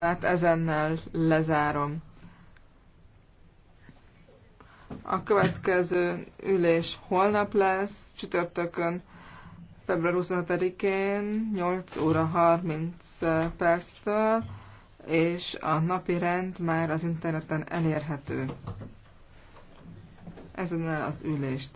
Hát ezennel lezárom. A következő ülés holnap lesz, csütörtökön, február 25-én, 8 óra 30 perctől, és a napi rend már az interneten elérhető. Ezennel az ülést